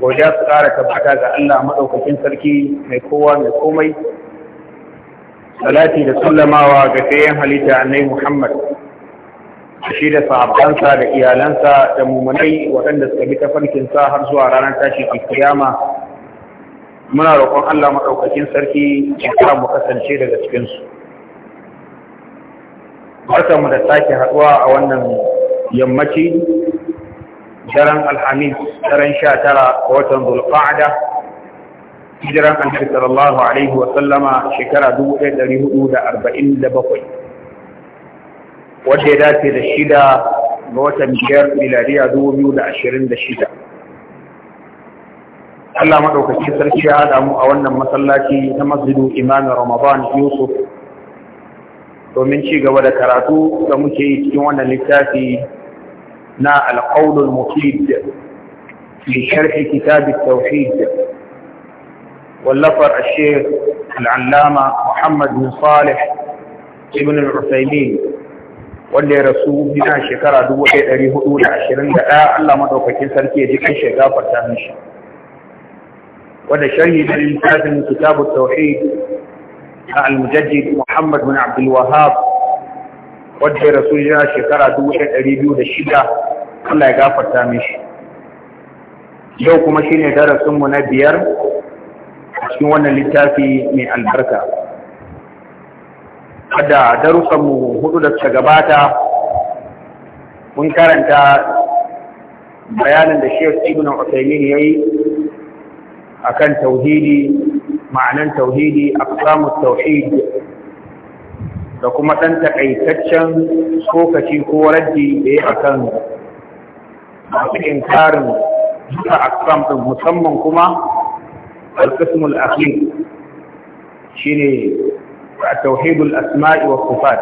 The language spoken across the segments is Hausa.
godiya su ƙara tabbata ga Allah maɗaukakin sarki mai kowa mai komai salati da sallamawa ga sayan halitta annai Muhammad shi da sahabbansa da iyalansa da mumunai waɗanda suka bi ta sa har zuwa ranar tashi kiyama muna roƙon Allah maɗaukakin sarki ya sa mu kasance daga cikinsu barkanmu da sake haɗuwa a wannan yammaci daren alhamis daren sha tara a watan zulqa'ada hijiran annabi sallallahu alaihi wa sallama shekara 1447 Wadda ya dace da shida ga watan biyar miladiya 2026 Allah maɗaukaki sarki ya haɗa mu a wannan masallaci na masjidu imamin Ramadan Yusuf domin ci gaba da karatu da muke yi cikin wannan littafi نا القول المفيد في شرح كتاب التوحيد واللفر الشيخ العلامة محمد بن صالح ابن العثيمين wanda ya rasu bina shekara 1421 Allah madaukakin sarki ya ji kan shi gafarta mishi wanda sharhi da littafin kitabut tauhid na al Muhammad bin abdulwahab. wadda ya rasu yana shekara dubu ɗaya ɗari biyu da shida Allah ya gafarta mishi yau kuma shine darasinmu na biyar a cikin wannan littafi mai albarka da darussanmu hudu da ta gabata mun karanta bayanin da shek ibn al-usaymin ya yi a kan tauhidi ma'anan tauhidi a tauhid da kuma ɗan taƙaitaccen tsokaci ko raddi da ya akan masu inkarin duka aksam ɗin musamman kuma alƙismul akhir shine tauhidul asma'i wa sifat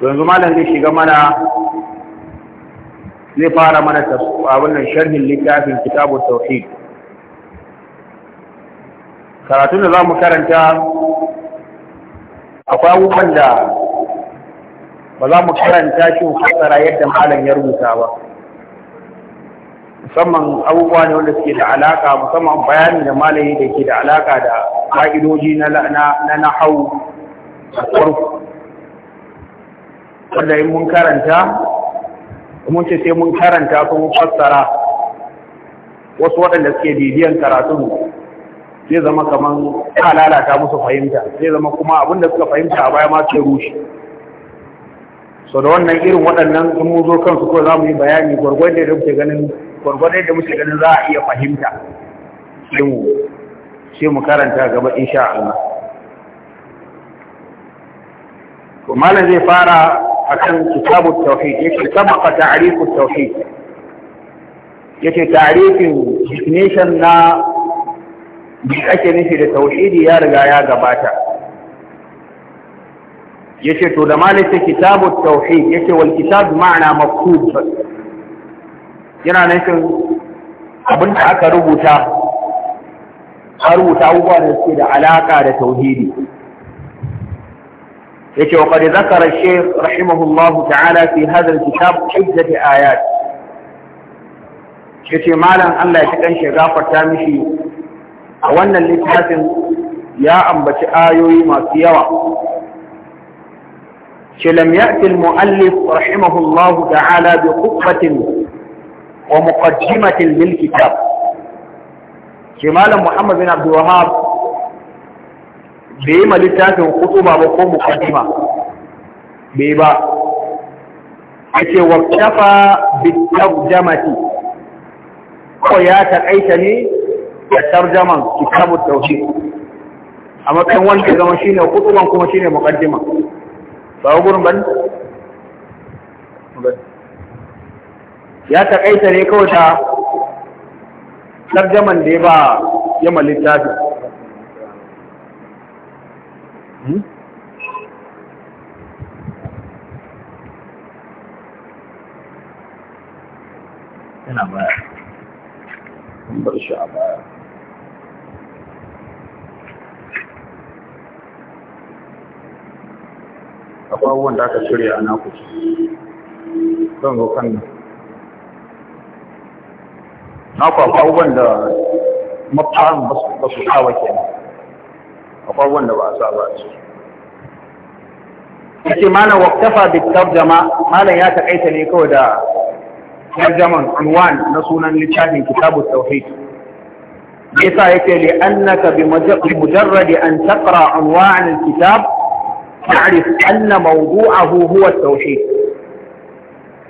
yanzu malam zai shiga mana zai fara mana abin nan sharhin littafin kitabun tauhid karatun da za mu karanta akwai abubuwan da ba za mu karanta shi fassara yadda malam ya rubuta ba musamman abubuwa ne wanda suke da alaka musamman bayani da malayi da ke da alaka da ƙa'idoji na nahau a farko wanda in mun karanta mun ce sai mun karanta sun fassara wasu waɗanda suke bibiyan karatun zai zama kaman ta lalata musu fahimta zai zama kuma abin da suka fahimta a baya ma rushe so da wannan irin waɗannan in mu zo kansu ko za mu yi bayani gwargwadon da muke ganin da muke ganin za a iya fahimta sai mu karanta gaba insha Allah to malam zai fara akan kitabu tauhid yake sabaka ta'rifu tauhid yake ta'rifin definition na bi ake nufi da tauhidi ya riga ya gabata yace to da malaka kitabut tauhid yace wal kitab ma'ana maktub yana nan kin abin da aka rubuta a rubuta abubuwa da suke da alaka da tauhidi yace wa qad zakara shaykh rahimahullahu ta'ala fi hadha al kitab hujjat ayat yace malam Allah ya kanshi gafarta mishi a wannan littafin ya ambaci ayoyi masu yawa ce lam ya'ti al-mu'allif rahimahullahu ta'ala bi khutbatin wa muqaddimatin lil kitab ce malam Muhammad bin Abdul Wahhab bai ma littafin khutuba ba ko muqaddima bai ba yace wa kafa bi tarjamati ko ya taƙaita ne ya tarjama kitabu tauhid amma kan wanda zama shine kutuban kuma shine muqaddima ba gurbin ban ya takaita ne kawai ta tarjaman da ya ba yamma littafi hmm? yana baya. Bar shi a baya. akwai abubuwan da aka shirya a naku zan zo kan nan naku akwai abubuwan da mafarin ba su saba wake nan akwai abubuwan da ba a saba su yake malam waktafa bi tarjama malam ya takaita ne kawai da tarjaman unwan na sunan littafin kitabu tauhid yasa yake li annaka bi mujarradi an taqra unwan kitab? ta'rif anna موضوعه هو التوحيد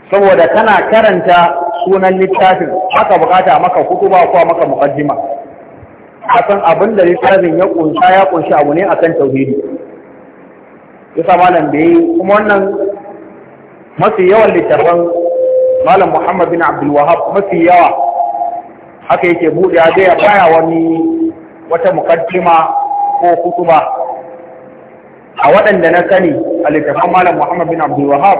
saboda kana karanta sunan littafin haka bukata maka kutuba ko maka muqaddima san abin da littafin ya kunsa ya kunshi abu ne akan tauhidi yasa malam da kuma wannan mafi yawan littafin malam Muhammad bin Abdul Wahab mafi yawa haka yake buɗe ya baya wani wata mukaddima ko kutuba a waɗanda na sani a littafin malam Muhammad bin Abdul Wahab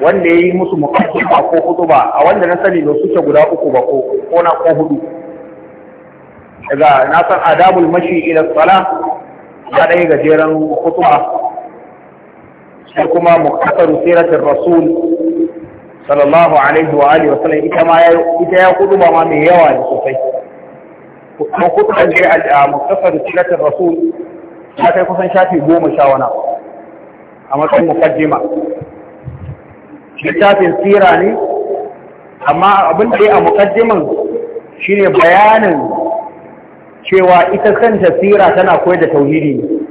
wanda ya yi musu mukaddima ko hutuba a wanda na sani ba suke guda uku ba ko ko na ko hudu daga na san adabul mashi ila sala ya ɗaya gajeren hutuba sai kuma muktasaru siratul rasul sallallahu alaihi wa alihi wa sallam ita ma ita ya hutuba ma mai yawa ne sosai ko hutuban dai a muktasaru Siratin rasul ya kai kusan shafi goma sha wani a matsayin mukaddima littafin tsira ne amma abin da ya a shi ne bayanin cewa ita kanta tsira tana koyar da tauhiri.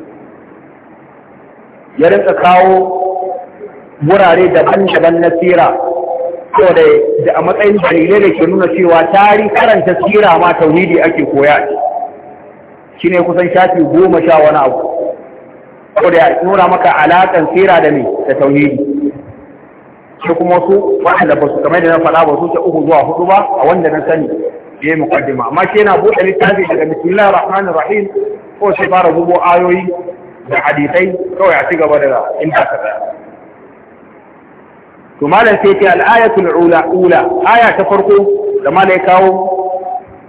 ya rinka kawo wurare daban-daban na tsira ko da a matsayin dalilai da ke nuna cewa tari karanta tsira ma tauhiri ake koya ne kusan shafi goma sha wani abu saboda ya nuna maka alaƙan tsira da me da tauhidi shi kuma su wa'anda ba su kamar da na faɗa ba su ta uku zuwa hudu ba a wanda na sani da ya muqaddima amma shi yana buɗe littafi daga bismillahir rahman rahim ko sai fara rubo ayoyi da hadisai kawai a ci gaba da inda ka tsaya to malam sai ce al'ayatul ula ula aya ta farko da ya kawo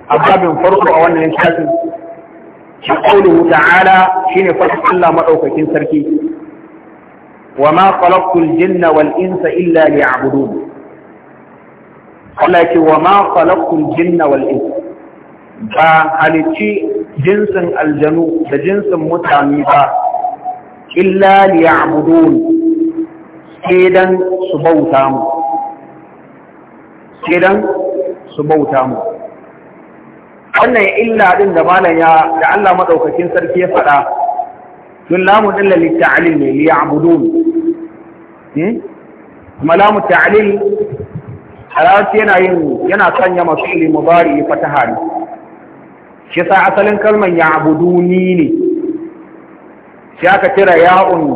a babin farko a wannan shafin shi qawluhu ta'ala shine fadin Allah madaukakin sarki wa ma khalaqtul jinna wal insa illa liya'budun Allah ce wa ma khalaqtul jinna wal insa ba halicci jinsin aljanu da jinsin mutane ba illa liya'budun sai dan su bauta mu sai dan su bauta mu wannan illa din da malam ya da Allah madaukakin sarki ya faɗa tun lamu dalla li ta'lil ne li ya'budun hmm? kuma lamu ta'lil halarci yana yin yana sanya masu ili mubari fataha ne shi sa asalin kalmar ya'buduni ne sai aka tira ya'un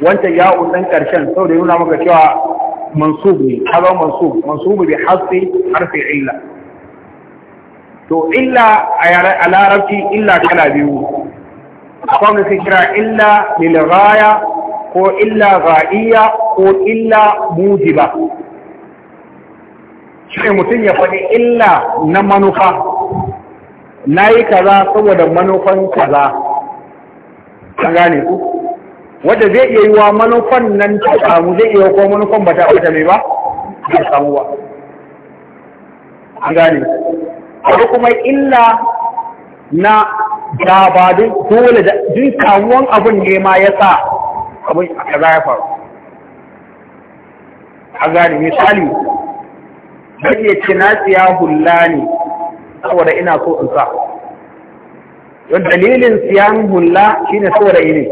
wancan ya'un ɗan ƙarshen saboda yana maka cewa mansub ne kaga mansub mansub bi hasbi harfi illa to illa a larabci illa kala biyu akwai wanda sai kira illa lilghaya ko illa ra'iya ko illa mujiba shi mutum ya faɗi illa na manufa na yi kaza saboda manufan kaza an gane ku wadda zai iya yi wa manufan nan ta samu zai iya ko manufan ba ta ɓata mai ba ta samuwa an gane abu kuma illa na dabadin dole da jin kamuwan abun ne ma ya sa abun a za faru a gani misali zai ce na siya hula ne saboda ina so in sa yau dalilin siyan hula shine saboda ini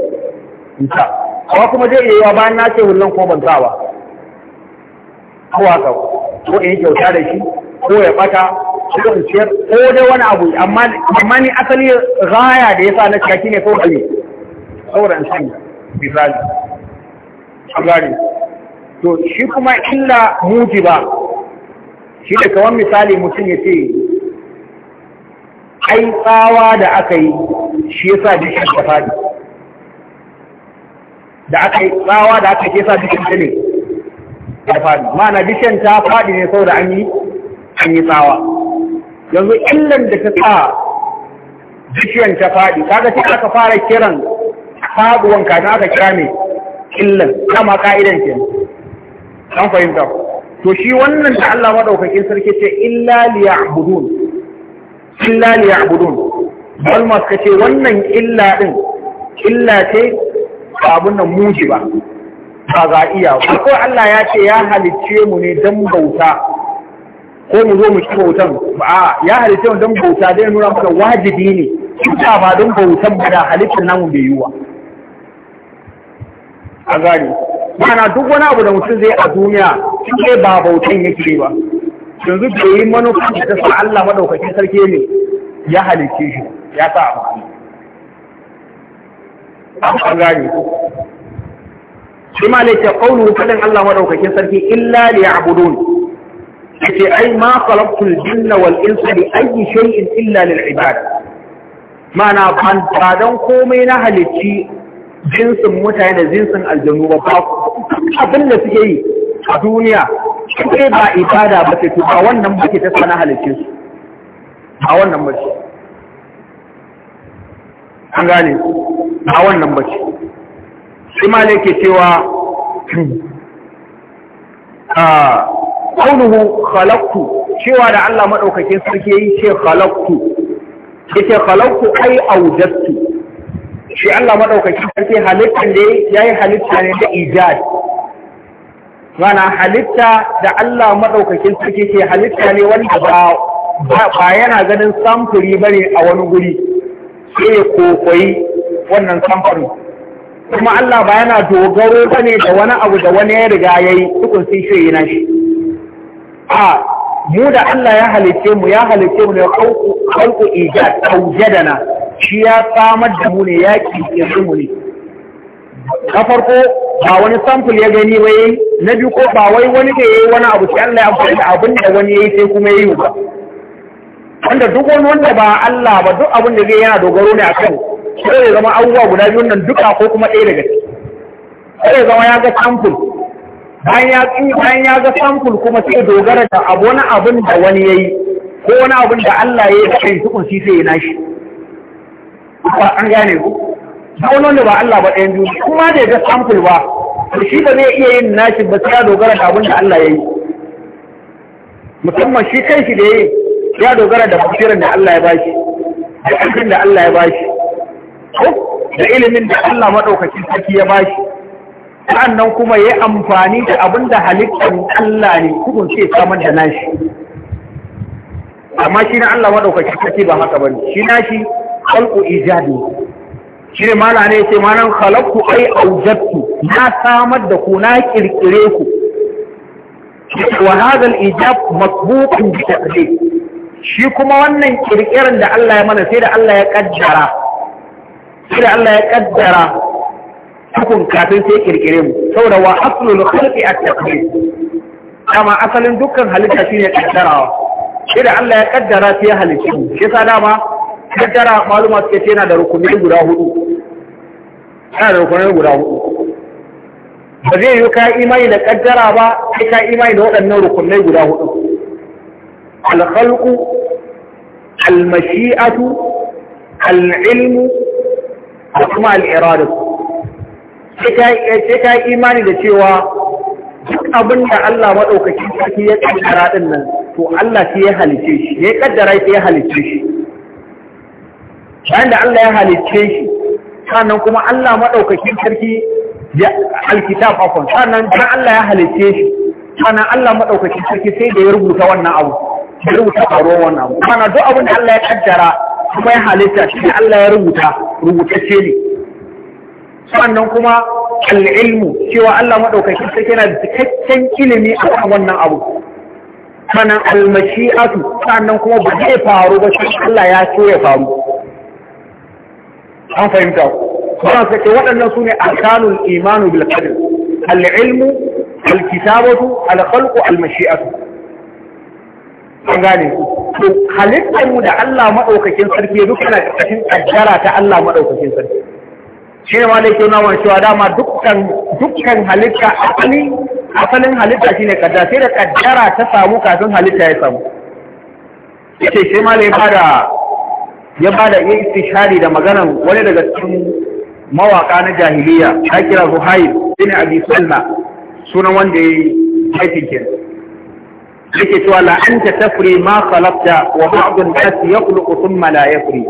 in sa kawo kuma zai iya yawa bayan na ce hulun ko ban sa ba kawo ko in yi kyauta da shi ko ya bata cikin ciyar ko dai wani abu amma ni asali gaya da ya sa na ciyaki ne kawai ne saboda in sanya misali a gane to shi kuma illa muji ba shi da kawan misali mutum ya ce ai tsawa da aka yi shi ya sa jikin ta fadi da aka yi tsawa da aka ke sa jikin ta ne ya fadi ma'ana bishan ta fadi ne sau da an yi tsawa yanzu illan da ta sa bishiyan ta faɗi kaga sai aka fara kiran faduwan na aka kira mai illan kama ka'idan ke an fahimta to shi wannan da Allah madaukakin sarki ce illa liya'budun illa liya'budun bal ma suka ce wannan illa din illa ce abun nan muji ba ba za iya ko Allah ya ce ya halicce mu ne dan bauta ko mu zo mu ci bautan a ya halitta don bauta zai nuna maka wajibi ne cuta ba don bautan ba da halittar namu bai yiwa a gani mana duk wani abu da mutum zai a duniya shi ba bautan yake ba yanzu bai yi manufa da ta sa Allah madaukakin sarki ne ya halicce shi ya sa a abu a gani shi ma ne ke kaunu Allah madaukakin sarki illa liya'budun yace ai ma khalaqtul jinna wal insa li ayyi shay'in illa lil ibad mana ban ba dan komai na halicci jinsin mutane da jinsin aljanu ba ba abin da suke yi a duniya kai ba ibada ba ce to ba wannan ba ke ta sana halicci su a wannan ba ce an gane a wannan ba ce shi ma ne ke cewa ah, kaunuhu khalaqtu cewa da Allah madaukakin sarki yayi ce khalaqtu yace khalaqtu ai awjadtu shi Allah madaukakin sarki halittar da yayi halitta ne da ijad mana halitta da Allah madaukakin sarki ke halitta ne wanda ba ba yana ganin samfuri bane a wani guri sai kokoyi wannan samfuri kuma Allah ba yana dogaro bane da wani abu da wani ya riga yayi yi tukun sun shirye na shi a mu da Allah ya halice mu ya halice mu ne kalku ijad aujadana shi ya samar da mu ne ya kirkiri mu ne ka farko ba wani sample ya gani ba na biyu ko ba wai wani da yayi wani abu sai Allah ya amfani da abin da wani yayi sai kuma yayi ba wanda duk wani wanda ba Allah ba duk abin da zai yana dogaro ne akan sai ya zama abubuwa guda biyu nan duka ko kuma ɗaya daga ciki sai ya zama ya ga sample bayan ya ga samfur kuma sai dogara da abu wani abin da wani ya yi ko wani abin da Allah ya yi da kai tukun sai ya nashi ba an gane ku da wani wanda ba Allah ba ɗayan biyu kuma da ya ga samfur ba to shi ba zai iya yin nashi ba sai ya dogara da abin da Allah ya yi musamman shi kan shi da ya ya dogara da basirin da Allah ya bashi da ƙarfin da Allah ya bashi da ilimin da Allah maɗaukacin sarki ya bashi sannan kuma ya amfani da abin da halittar Allah ne kudin ce samar da nashi amma shi na Allah maɗaukaki kake ba haka ba shi nashi kalku ijadi shi ne mana ne ce malan khalaqtu ai awjadtu na samar da ku na kirkire ku wa hadha ijab matbuqun bi taqdir shi kuma wannan ƙirƙirin da Allah ya mana sai da Allah ya kaddara sai da Allah ya kaddara tukun kafin sai kirkire mu saboda wa aslul khalqi at-taqdir dama asalin dukkan halitta shine kaddarawa shida Allah ya kaddara sai ya halitta shi yasa dama kaddara maluma suke yana da rukunai guda hudu yana da rukunai guda hudu ba zai yi ka imani da kaddara ba sai ka imani da waɗannan rukunai guda hudu al-khalqu al-mashi'atu al-ilmu da kuma al-iradatu sai ka eh, yi imani da cewa duk abin da Allah maɗaukaki sarki ya ƙaddara ɗin nan to Allah shi ya halice shi ya ƙaddara shi ya halice shi bayan da Allah ya halice shi sannan kuma Allah maɗaukaki sarki ya alkitab afon sannan dan Allah ya halice shi sannan Allah maɗaukaki sarki sai da ya rubuta wannan abu ya rubuta faro wannan abu sannan duk abin da Allah ya ƙaddara kuma ya halitta shi Allah ya rubuta rubutacce ne sannan kuma al'ilmu cewa Allah maɗaukaki sai yana da cikakken ilimi a kan wannan abu sannan almashi'atu sannan kuma ba zai faru ba shi Allah ya so ya faru an fahimta ba. wannan sai waɗannan sune arkanul imanu bil qadr al'ilmu alkitabatu, kitabatu almashi asu. an gane to halittar mu da Allah maɗaukakin sarki ya duk yana cikin kaddara ta Allah maɗaukakin sarki shi ne malai kyau nawa cewa dama dukkan halitta asali asalin halitta shine kaddara sai da kaddara ta samu kafin halitta ya samu ce shi malai bada ya da yin istishari da maganan wani daga cikin mawaka na jahiliya ya kira Zuhair ne Abi Salma sunan wanda ya yi haifin kin yake cewa la'anta tafri ma khalaqta wa ba'd an-nas yakhluqu thumma la yafri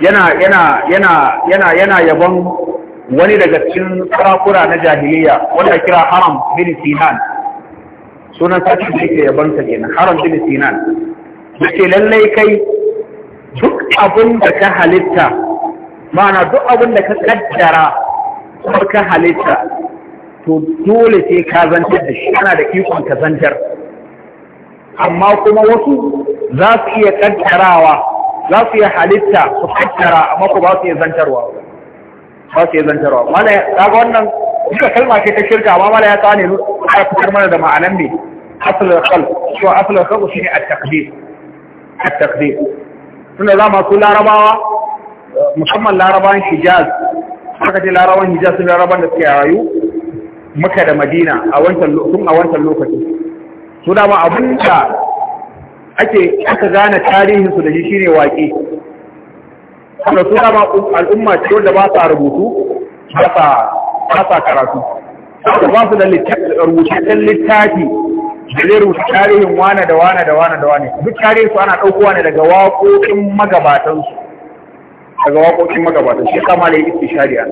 yana yana yana yana yana yabon wani daga cikin sarakuna na jahiliya wanda kira haram bin sinan sunan sarki da yake yabon sa kenan haram bin sinan yake lallai kai duk abin da ka halitta ma'ana duk abin da ka kaddara ko ka halitta to dole sai ka zantar da shi kana da ikon ka zantar amma kuma wasu za su iya kaddarawa za su yi halitta su fassara amma ko ba su yi zantarwa ba su yi zantarwa mana ga wannan duka kalma ce ta shirka amma mala ya tsane ya fitar mana da ma'anan ne asalul khalq shi asalul khalq shine at-taqdir at-taqdir tunda za ma su larabawa musamman larabawan Hijaz haka ce larabawan Hijaz sun larabawan da suke rayu Makka da Madina a wancan lokacin a wancan lokacin da ake aka gane tarihin da shi shine waƙe da su dama al'umma ce wanda ba sa rubutu ba sa karatu da ba su da rubutaccen littafi da zai rubuta tarihin wane da wane da wane da wane duk tarihin su ana ɗauko ne daga waƙoƙin magabatansu daga waƙoƙin magabatansu shi kama da yi shari'a.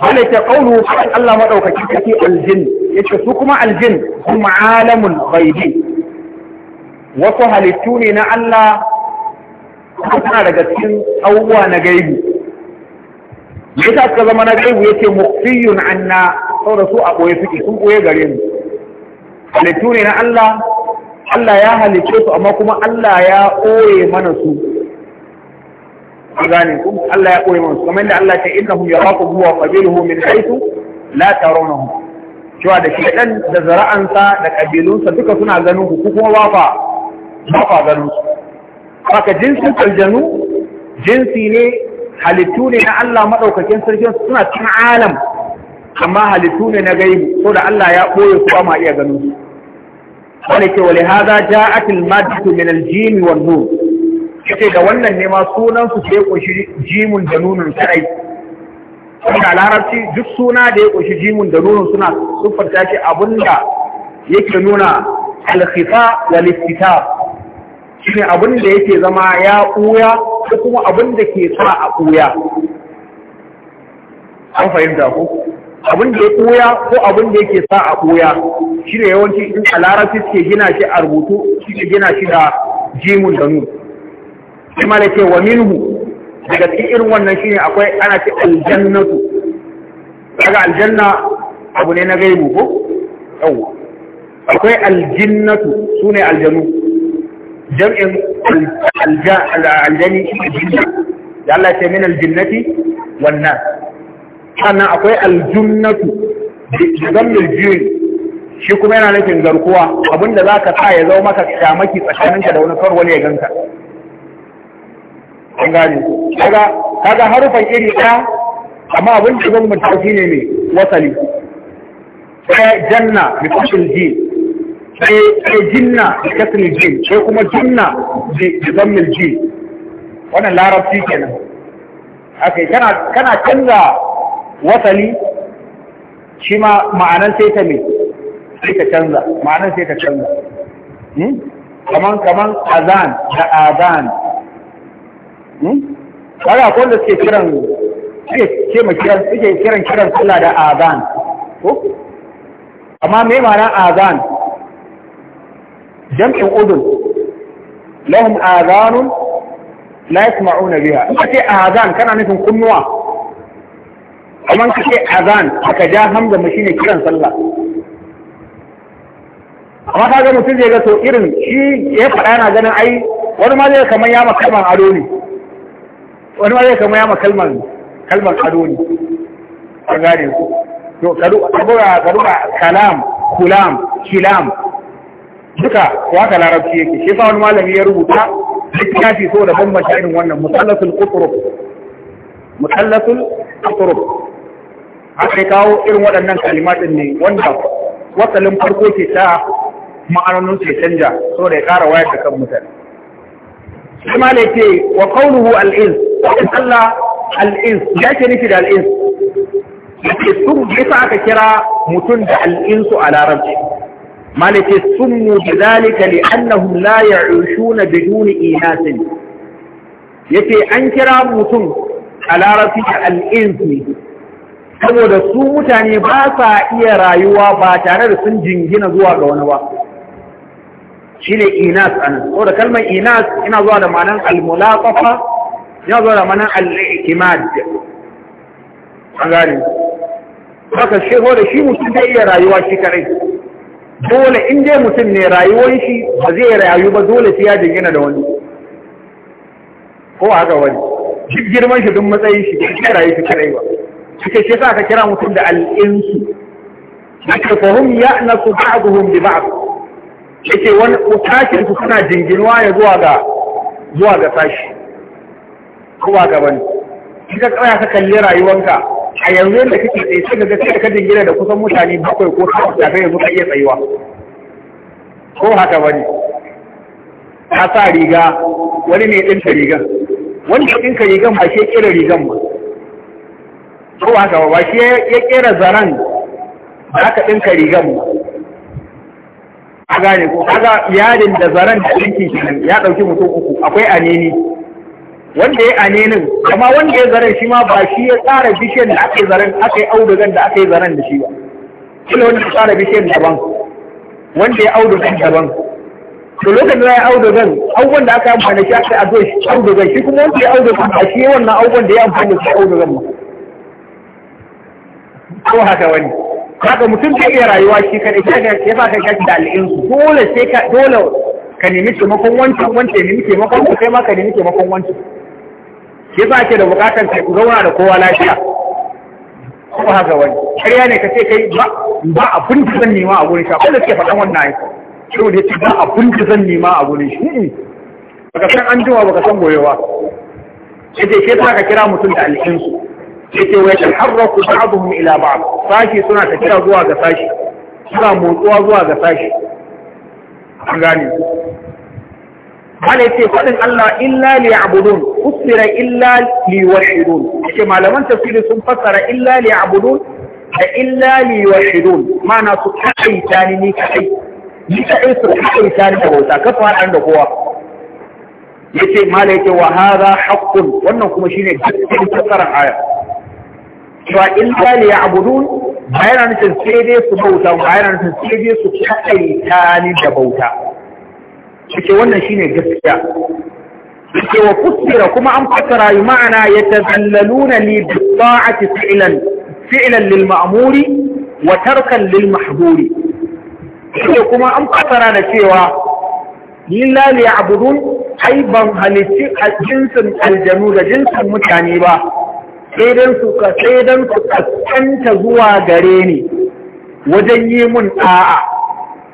wanda ke ƙaunu Allah maɗaukaki kake aljin ya ce su kuma aljin su ma'alamun gaibi wasu halittu ne na Allah suna daga cikin abubuwa na gaibi. me yasa suka zama na gaibu yace mukhfiyun anna saboda su a ɓoye suke sun ɓoye gare mu halittu ne na Allah Allah ya halicce su amma kuma Allah ya ɓoye mana su gane Kuma Allah ya ɓoye mana su kamar yadda Allah ya ce innahum yarakum huwa qabiluhu min haythu la tarawnahum cewa da shedan da zara'ansa da kabilunsa duka suna ganin ku kuma ba fa ba ganin su haka jinsin aljanu jinsi ne halittu ne na Allah maɗaukakin sarkin suna cikin alam amma halittu ne na gaibu so da Allah ya ɓoye su ba ma iya ganin su wani ke wale haza ja'at al-maddatu min al wa nur kace da wannan ne ma sunan su sai ƙunshi jimun da nunun kai wanda larabci duk suna da ya ƙunshi jimun da nunun suna sun farta shi abinda yake nuna al-khifa wal-istitab shine abin da yake zama ya ɓuya ko kuma abin da ke sa a ɓuya an fahimta ko abin da ya ɓuya ko abin da yake sa a ɓuya shi ne yawanci in a larabci suke gina shi a rubutu suke gina shi da jimun da nun shi ma da ke wa minhu daga cikin irin wannan shi ne akwai ana ce aljannatu daga aljanna abu ne na gaibu ko yawwa akwai aljinnatu su ne aljanu jam'in aljani jinna da Allah ce min aljinnati wannan sannan akwai aljunnatu da zammil jini shi kuma yana nufin garkuwa abinda za ka sa ya zama maka kyamaki tsakaninka da wani farwani ya ganka an gane kaga kaga harufan iri ɗaya amma abin da zan mutu ne mai wasali ɗaya janna bi fasil jini sai jinna da kasrin jin sai kuma jinna da mil jin wannan larabci kenan akai yi kana canza wasali shi ma ma'anan sai ta me sai ta canza ma'anan sai ta canza hmm? kaman kaman azan da azan hmm? kaga akwai suke kiran suke kiran suke kiran kiran sallah da azan ko amma mai ma'anar azan jam'in udun lahum azanun la yasma'una biha in kace azan kana nufin kunnuwa amma kace azan aka ja hamza mu shine kiran sallah amma kaga mutum zai ga irin shi ya faɗa yana ganin ai wani ma zai kamar ya makalman ado wani ma zai kamar ya makalman kalmar ado ne kalam kulam kilam duka haka larabci yake shi sa wani malami ya rubuta littafi so da bambanta irin wannan musallasul qutrub musallasul qutrub haka kawo irin waɗannan kalimatin ne wanda wasalin farko ke ta ma'anonin ke canja so da ya ƙara wayar da kan mutane shi ma ne ke wa qawluhu al-ins Allah al ya ke nufi da al ya yake sun yasa aka kira mutum da al-insu a larabci malike summu bi zalika li annahum la ya'ushuna biduni inasin yace an kira mutum a larabci al saboda su mutane ba sa iya rayuwa ba tare da sun jingina zuwa ga wani ba shine inas an saboda kalmar inas ina zuwa da ma'anar al-mulaqafa ina zuwa da ma'anar al-ikimad an gane haka shi da shi mutum zai iya rayuwa shi kare dole in dai mutum ne rayuwar shi ba zai rayu ba dole sai ya jingina da wani ko haka wani duk girman shi duk matsayin shi duk rayu shi kadai ba suke shi sa ka kira mutum da al'insu yake fahim ya nasu ba'duhum bi su yake wani tashin su suna jinginuwa ya zuwa ga zuwa ga sashi ko a ga wani in tsaya ka kalli rayuwanka a yanzu yadda kake tsaye sai ka ga da ka jingina da kusan mutane bakwai ko ta kafin yanzu ka iya tsayuwa ko haka bane ka sa riga wani ne ɗinta rigan wanda ya ɗinka rigan ba shi ya ƙera rigan ba ko haka ba shi ya ƙera zaren ba aka ɗinka rigan ba a gane ko kaga yadin da zaren da ɗinkin shi ya ɗauki mutum uku akwai anini wanda ya anenin kama wanda ya zaren shi ma ba shi ya tsara bishiyar da aka yi zaren aka yi audugan da aka yi zaren da shi ba kila wanda ya tsara bishiyar daban wanda ya audugan daban to lokacin da ya audugan abubuwan da aka yi amfani shi aka ado shi audugan shi kuma wanda ya audugan ba shi wannan abubuwan da ya amfani da shi audugan ba ko haka wani haka mutum zai iya rayuwa shi ga ya sa kai shi da al'insu dole sai ka dole ka nemi taimakon wancan wancan ya nemi taimakon ka kai ma ka nemi taimakon wancan shi yasa ake da bukatar ka zauna da kowa lafiya ko haka wani ƙarya ne ka ce kai ba abin da zan nema a gurin shi akwai da suke faɗan wannan aiki shi ne ce ba abin da zan nema a gurin shi hmm. baka san an jima baka san goyewa ya ce shi ka kira mutum da alkinsu ya ce wai taharraku ba'dhum ila ba'd sashi suna kira zuwa ga sashi suna motsuwa zuwa ga sashi an gane Malai ce faɗin Allah illa li abudun, usira illa li washidun. Yake malaman tafsiri sun fassara illa li abudun da illa li washidun. Mana su kaɗaita ni ni kaɗai. Ni kaɗai su kaɗaita ni da bauta, kafa haɗan da kowa. Yace malai ce wa hada haƙƙun wannan kuma shine gaskiyar fassarar aya. Cewa illa li abudun ba yana nufin sai dai su bauta ba yana nufin sai dai su kaɗaita ni da bauta. suke wannan shine gaskiya suke wa fassara kuma an fassara yi ma'ana ya li bi ta'ati a ci lil lilmaamuri wa tarkan lil mahburi suke kuma an fassara da cewa lillahi ya'budun ai ban halitti a jinsin aljanu da jinsin mutane ba sai don su ka dan su zuwa gare ni wajen yi mun ɗa'a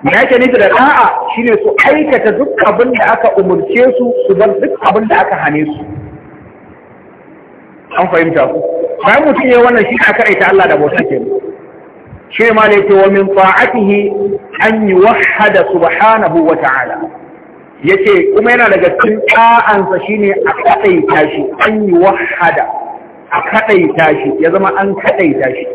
me yake nufi da shi shine su aikata duk abin da aka umurce su su bar duk abin da aka hane su an fahimta ku bayan mutum ya wannan shi aka aita Allah da bauta ke shi ma ne ce wa min fa'atihi an yuwahhada subhanahu wa ta'ala yace kuma yana daga cikin ta'ansa shine a kadaita shi an yi yuwahhada a kadaita shi ya zama an kadaita shi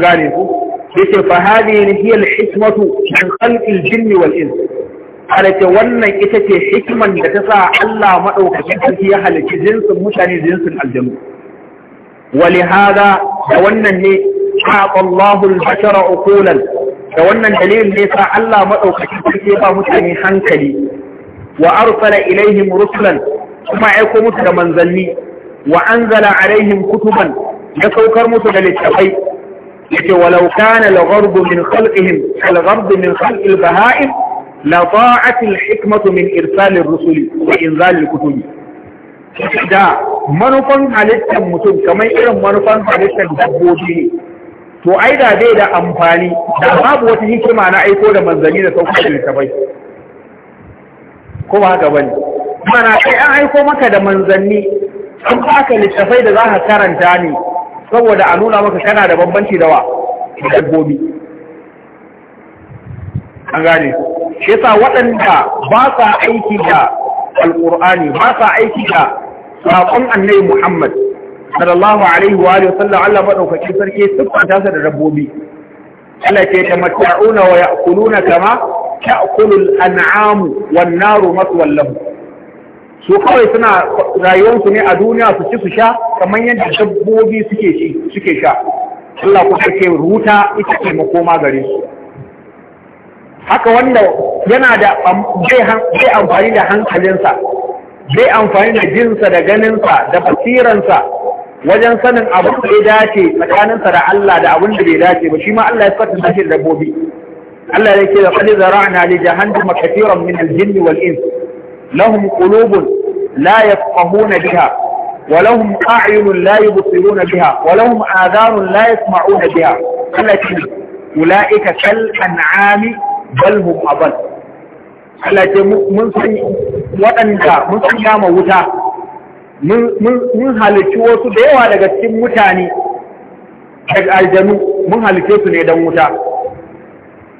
gane ku yace fa hadhihi hiya al-hikmatu min khalqi al-jinni wal-ins wannan ita ce hikman da ta sa Allah madaukakin sarki ya halicci jinsin mutane jinsin aljanu wali hada da wannan ne haqa Allahu al-bashara uqulan da wannan dalilin ne sa Allah madaukakin sarki ya ba mutane hankali wa arsala ilaihim rusulan kuma aiko musu da manzanni wa anzala alaihin kutuban ya saukar musu da littafai yake walau kana al-gharb min khalqihim al-gharb min khalq al-baha'im la ta'at al-hikmatu min irsal ar-rusul wa inzal al-kutub da manufan halittar mutum kamar irin manufan halittar dabbobi ne to ai da bai da amfani da babu wata hikima na aiko da manzanni da sauƙi da bai ko ba haka bane mana kai an aiko maka da manzanni an baka littafai da za ka karanta ne saboda a nuna maka kana da bambanci da wa dabbobi an gane shi yasa waɗanda ba sa aiki da alƙur'ani ba sa aiki da saƙon annabi Muhammad sallallahu alaihi wa alihi sallam Allah madaukakin sarki siffanta sa da dabbobi Allah ce ta mata'una wa ya'kuluna kama ta'kulu anamu wan naru maswallahu su kawai suna rayuwarsu ne a duniya su ci su sha kamar yadda dabbobi suke ci suke sha Allah kuma ke ruta ita ce makoma gare su haka wanda yana da bai amfani da hankalinsa bai amfani da jinsa da ganinsa da basiransa wajen sanin abin da ya dace tsakaninsa da Allah da abin da bai dace ba shi ma Allah ya saka shi da dabbobi Allah ya ce da qad zara'na li jahannama katiran min al-jinni wal-ins lahum qulubun la yafqahuna biha wa lahum a'yunun la yubsiruna biha wa lahum adhanun la yasma'una biha Allah ce ulaika kal an'ami bal hum abal Allah ce waɗanda mun san wuta mun halicci wasu da yawa daga cikin mutane daga aljanu mun halice su ne don wuta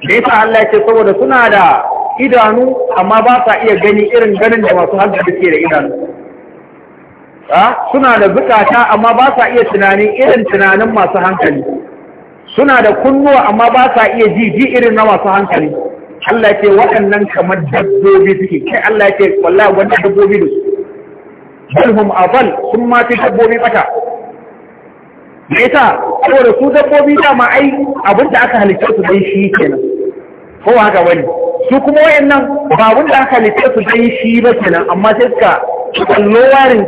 da yasa Allah saboda suna da idanu amma ba sa iya gani irin ganin da masu hankali ke da idanu suna da zukata amma ba sa iya tunanin irin tunanin masu hankali suna da kunnuwa amma ba sa iya ji ji irin na masu hankali Allah ce waɗannan kamar dabbobi suke kai Allah ce wallahi wannan dabbobi da su balhum abal sun ma fi dabbobi bata me yasa saboda su dabbobi dama ai abin da aka halitta su dai shi kenan ko haka wani su kuma wayannan abin da aka halitta su dai shi ba kenan amma sai suka kallo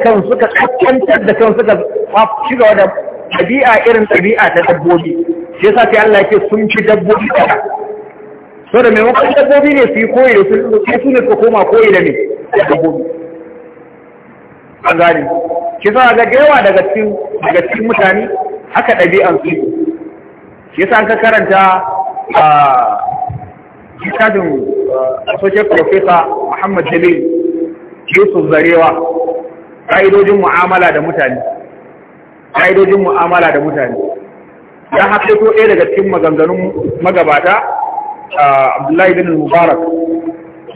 kan suka kakkantar da kan suka shiga da ɗabi'a irin ɗabi'a ta dabbobi shi yasa sai Allah yake sun fi dabbobi kada so da maimakon dabbobi ne su yi koyi da su su ne su koma koyi da ne da dabbobi an gane shi yasa ga yawa daga cikin daga cikin mutane haka dabi'an su shi yasa an ka karanta ah, littafin uh, associate professor Muhammad Jalil Yusuf Zarewa ƙa'idojin mu'amala da mutane ƙa'idojin mu'amala da mutane ya haƙaito ɗaya daga cikin maganganun magabata uh, Abdullahi bin Mubarak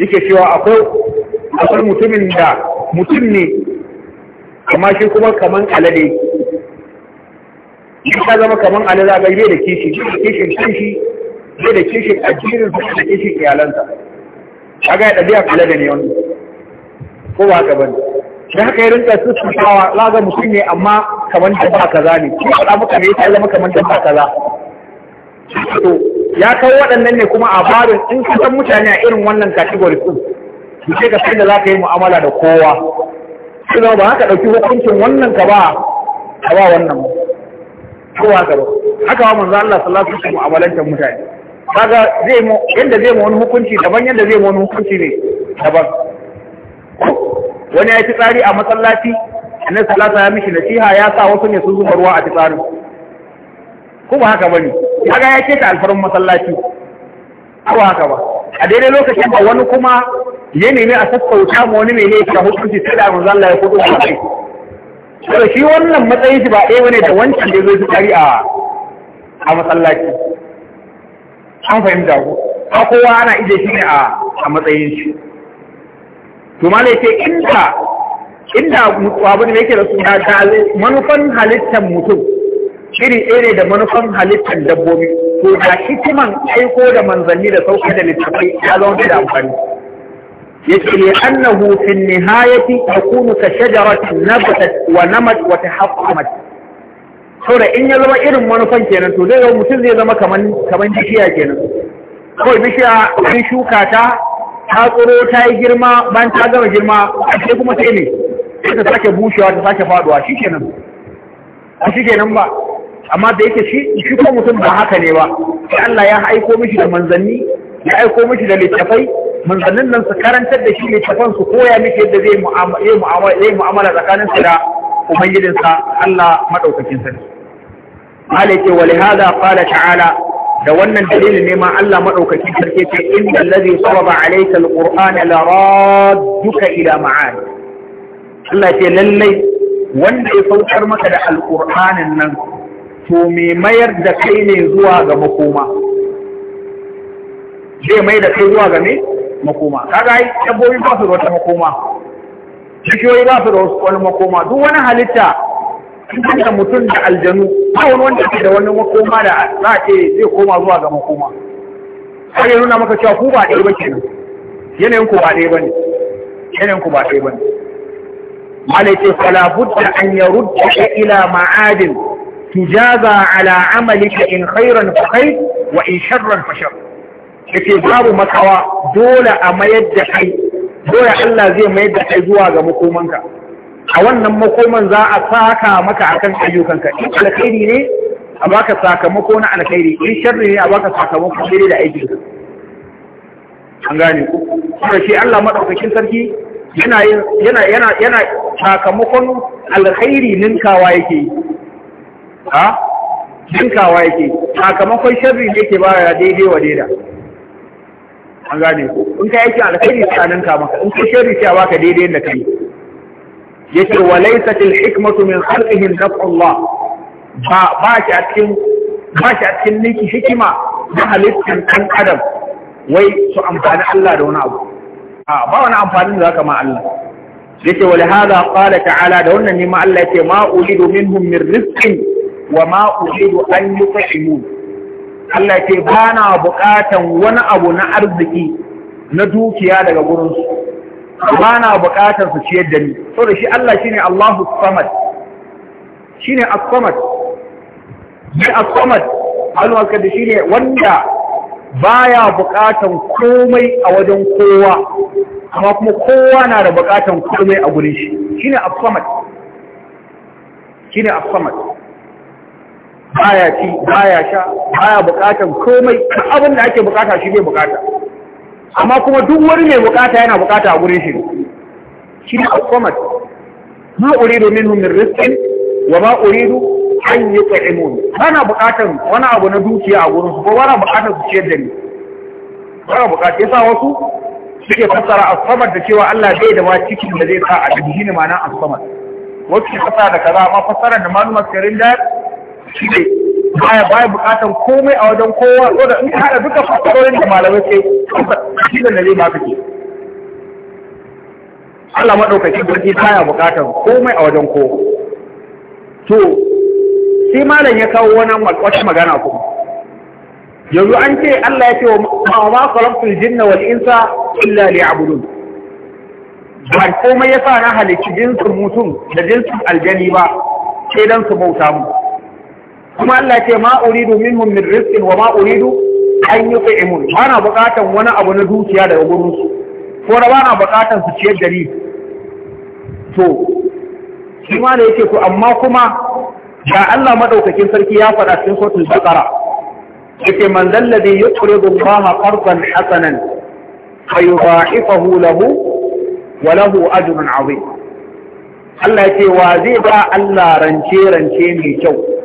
yake cewa akwai akwai mutumin da mutum ne amma shi kuma kamar alade Ya zama kamar alade a gaibe da kishi kishin kishi zai da kishin cikin su da kishin iyalansa ga yadda biya kula da ne wani ko ba ka bane da haka yi rinka su tsawa laga mutum ne amma kamar da ba kaza ne ko da muka ne ya zama kamar da ba kaza to ya kawo waɗannan ne kuma a barin in ka san mutane a irin wannan category su to ce ka san da ka yi mu'amala da kowa Su zama ba haka ɗauki hukuncin wannan ka ba ka ba wannan kowa ka ba haka wa manzo Allah sallallahu alaihi wasallam mu'amalantar mutane kaga zai mu yanda zai mu wani hukunci daban yanda zai mu wani hukunci ne daban wani ya ci tsari a masallaci annabi sallallahu ya mishi nasiha ya sa wasu ne su zuba ruwa a tsarin kuma haka bane kaga ya ce ta alfarin masallaci ko haka ba a daidai lokacin da wani kuma ya nemi a sassauta ma wani mene ya hukunci sai da manzo Allah ya kudu a kai to shi wannan matsayin shi ba ɗaya bane da wancan da zai tsari a a masallaci an fahimta ko a kowa ana ije shi ne a matsayin shi to ma ce inda inda abu ne yake da suna ta manufan halittar mutum shiri ɗaya ne da manufan halittar dabbobi to da hikiman aiko da manzanni da sauƙi da littattafai ya zama da amfani yace li annahu fi nihayati takunu ka shajaratin nabatat wa namat wa tahaqqamat saboda in ya zama irin manufan kenan to zai zama mutum zai zama kaman kaman bishiya kenan kawai bishiya an shuka ta ta tsoro ta yi girma bayan ta gama girma sai kuma sai ne sai ta sake bushewa ta sake faduwa shi kenan a shi kenan ba amma da yake shi shi ko mutum ba haka ne ba sai Allah ya aiko mishi da manzanni ya aiko mishi da littafai manzannin nan su karantar da shi littafan su koya mishi yadda zai mu'amala tsakaninsa da ubangijinsa Allah madaukakin sarki malike wa lihada qala ta'ala da wannan dalilin ne ma Allah madaukaki sarki ce inda allazi saraba alayka alqur'ana la radduka ila ma'ad Allah ce lallai wanda ya saukar maka da alqur'anin nan to me mayar da kai ne zuwa ga makoma zai mai da kai zuwa ga me makoma kaga ai dabbobi ba su da wata makoma bishiyoyi ba su da wani makoma duk wani halitta da mutum da aljanu ba wani wanda ke da wani makoma da za a ce zai koma zuwa ga makoma sai ya nuna maka cewa ku ba ɗaya ba kenan yanayin ku ba ɗaya ba ne yanayin ku ba ɗaya ba ne malaikai fala budda an yarudda ila ma'adin tujaza ala amalika in khairan fa khair wa in sharran fa shar yake babu makawa dole a mayar da kai dole Allah zai mayar da kai zuwa ga makomanka a wannan makoman za a saka maka akan ayyukanka in alkhairi ne a baka sakamako na alkhairi in sharri ne a baka sakamako daidai da aikin an gane ku kuma shi Allah madaukakin sarki yana yana yana yana sakamakon alkhairi ninkawa yake ha ninkawa yake sakamakon sharri ne yake ba daidai wa daidai an gane ku in ka aiki alkhairi sai ninka maka in kai sharri sai a baka daidai da kai yake wa laysat al-hikmatu min khalqihi naf'ullah ba ba shi a cikin ba shi a cikin niki hikima da halittar kan adam wai su amfani Allah da wani abu a ba wani amfani da zaka ma Allah yake wa lahada qala ta'ala da wannan ne ma Allah yake ma ulidu minhum min rizqin wa ma ulidu an yut'imun Allah yake bana bukatan wani abu na arziki na dukiya daga gurinsu ba na buƙatar su ciyar da ni So da shi Allah shi ne Allahu Samad ne As-Samad shi As-Samad Allah ka shi ne wanda ba ya buƙatar komai a wajen kowa amma kuma kowa na da buƙatar komai a gurin shi ne As-Samad ne As-Samad baya ci baya sha baya buƙatar komai abin da ake buƙata shi bai buƙata amma kuma duk wani mai bukata yana bukata a gurin shi shi ne al-qamat ma uridu minhum min rizqin wa ma uridu an yut'imun bana bukatan wani abu na dukiya a gurin su ko bana bukatan su ciyar da ni bana bukata yasa wasu suke fassara as-samad da cewa Allah bai da ma cikin da zai sa a dubi ne ma'ana as-samad wasu fassara da kaza amma fassara da malumar karin da shi ne baya baya bukatan komai a wajen kowa wanda in ka hada duka fasarorin da malamai ke shi da zai maka ke Allah madaukakin sarki baya bukatan komai a wajen kowa to sai malam ya kawo wani wata magana kuma yanzu an ce Allah ya ce wa ma khalaqtul jinna wal insa illa liya'budun ba komai sa na halicci jinsin mutum da jinsin aljani ba sai dan su bauta mu kuma Allah ce ma uridu minhum min rizqin wa ma uridu an yut'imun bana buƙatan wani abu na dukiya daga gurin su ko da bana buƙatan su ciyar da ni to shi ma da yake to amma kuma ga Allah madaukakin sarki ya faɗa cikin suratul baqara yake man zalladhi yuqridu Allah qardan hasanan fayudha'ifahu lahu wa lahu ajrun 'azim Allah ya ce wa zai ba Allah rance rance mai kyau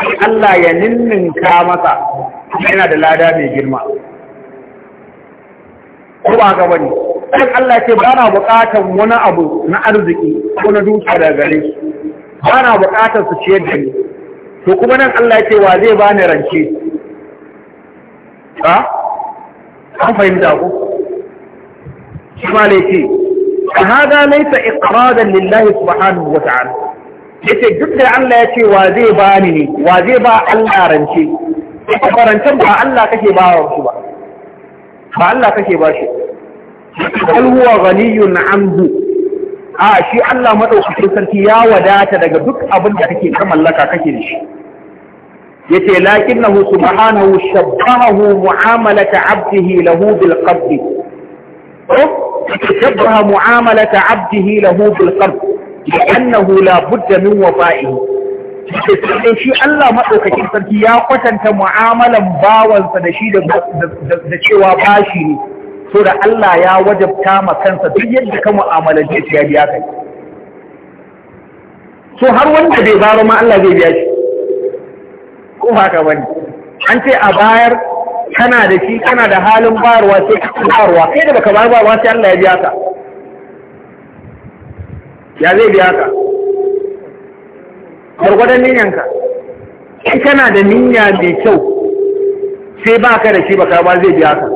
Allah ya ninninka masa yana da lada mai girma ko ba ga bane dan Allah ce ba na buƙatar wani abu na arziki ko na dukiya da gare shi ba na buƙatar su ciyar da ni to kuma nan Allah ce wa zai bani rance ha an fahimta ku shi ma ne ce fa hada laysa iqradan lillahi subhanahu wa ta'ala yace duk da Allah ya ce wa zai ba ni ne wa zai ba Allah rance kuma rancen ba Allah kake ba wa shi ba ba Allah kake ba shi bal huwa ghaniyun amdu a shi Allah madaukakin sarki ya wadata daga duk abin da kake ka mallaka kake da shi yace lakinnahu subhanahu shabbahu mu'amalata 'abdihi lahu bil qabd shabbaha mu'amalata 'abdihi lahu bil qabd annahu la budda min wafa'ihi sai shi Allah madaukakin sarki ya kwatanta mu'amalan bawansa da shi da cewa bashi ne so da Allah ya wajabta ma kansa duk yadda ka mu'amalace shi ya biya kai so har wanda bai baro ma Allah zai biya shi ko haka bane an ce a bayar kana da shi kana da halin bayarwa sai ka bayarwa kai da baka bayarwa sai Allah ya biya ka ya zai biya ka gwargwadon niyyanka in kana da niyya mai kyau sai ba ka da shi baka ba zai biya ka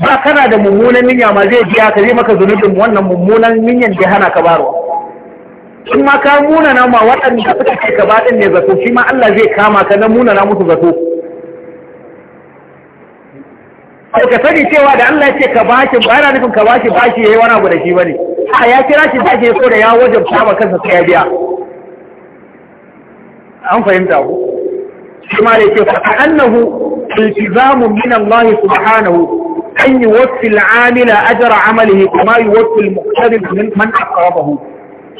ba kana da mummunan niyya ma zai biya ka zai maka zunubin wannan mummunan niyyan da hana ka barwa in ma ka munana ma waɗanda suka ce ka ba ne zato shi ma Allah zai kama ka na munana musu zato ka sani cewa da Allah ya ce ka bashi ba yana nufin ka bashi bashi yayi wani abu da shi bane a ya kira shi zai ko da ya wajen kama kansa ta biya an fahimta ku shi ma da ke fata annahu iltizamun min Allah subhanahu an yi wasu al'amila ajara amalihi kuma yi al-muqtarin min man aqrabahu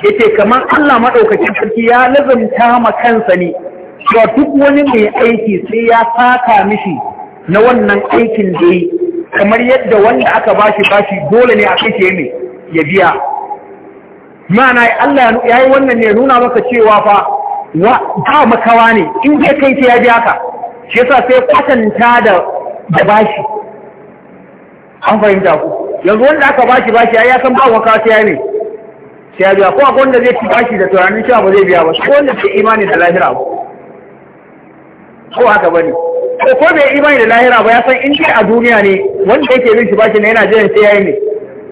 yace kamar Allah madaukakin sarki ya lazumta ma kansa ne cewa duk wani mai aiki sai ya saka mishi na wannan aikin da yi kamar yadda wanda aka bashi bashi dole ne a kai shi ya biya ma'ana Allah ya yi wannan ne nuna maka cewa fa ta makawa ne in zai kai ta ya biya ka shi yasa sai kwatanta da bashi an fahimta ku yanzu wanda aka bashi bashi ya san ba waka ta ne sai ya biya ko a wanda zai ci bashi da tunanin cewa ba zai biya ba ko wanda ke imani da lahira ba ko haka bane ko ko bai imani da lahira ba ya san in dai a duniya ne wanda yake bin shi bashi ne yana jiran sai yi ne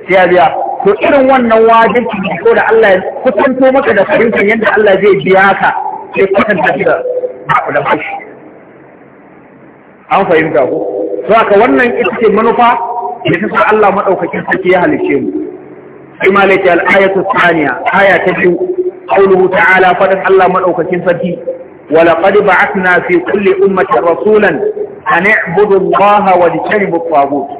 sai ya biya to irin wannan wajibi ne ko da Allah ya kusanto maka da fahimtar yadda Allah zai biya ka sai kwatanta shi da da bashi an fahimta ko to haka wannan ita ce manufa da ta sa Allah madaukakin sarki ya halice mu sai malaki al-ayatu thaniya aya ta biyu qawluhu ta'ala fadan Allah madaukakin sarki ولقد بعثنا في كل أمة رسولا أن اعبدوا الله واجتنبوا الطاغوت